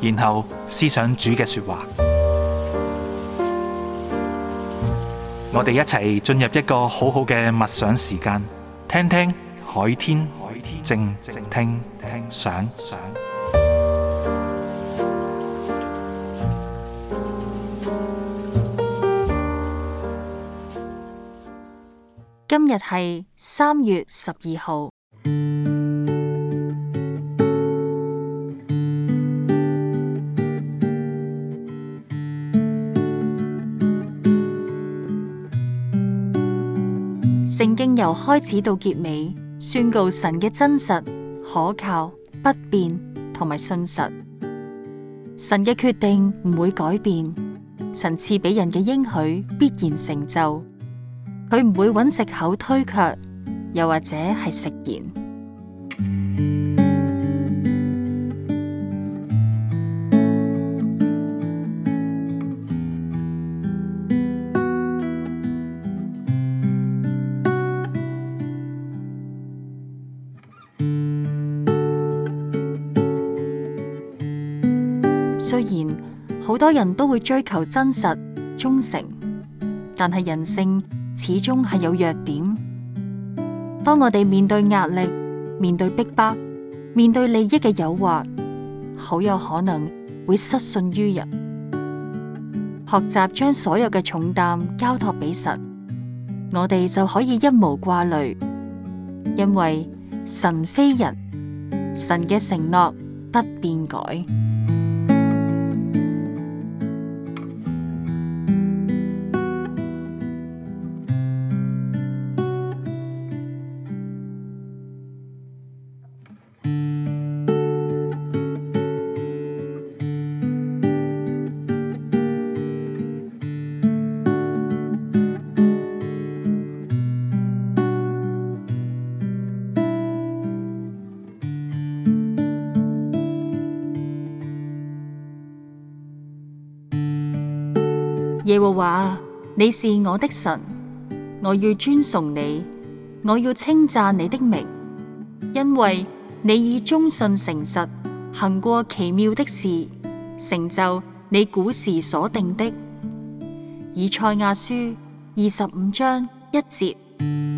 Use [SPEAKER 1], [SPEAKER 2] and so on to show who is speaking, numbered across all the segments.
[SPEAKER 1] 然後思想主嘅說話，我哋一齊進入一個好好嘅默想時間，聽聽海天靜，靜聽想。
[SPEAKER 2] 今日係三月十二號。聖經由開始到結尾，宣告神嘅真實、可靠、不變同埋信實。神嘅決定唔會改變，神賜俾人嘅應許必然成就。佢唔會揾藉口推卻，又或者係食言。雖然好多人都會追求真實、忠誠，但係人性始終係有弱點。當我哋面對壓力、面對逼迫、面對利益嘅誘惑，好有可能會失信於人。學習將所有嘅重擔交託俾神，我哋就可以一無掛慮，因為神非人，神嘅承諾不變改。耶和華啊，你是我的神，我要尊崇你，我要稱讚你的名，因為你以忠信誠實行過奇妙的事，成就你古時所定的。以賽亞書二十五章一節。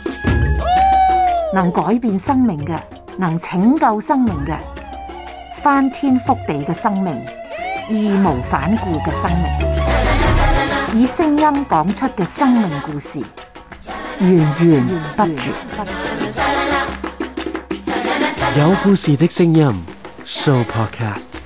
[SPEAKER 2] 能改變生命嘅，能拯救生命嘅，翻天覆地嘅生命，義無反顧嘅生命，以聲音講出嘅生命故事，
[SPEAKER 1] 源源不絕。有故事的聲音，Show Podcast。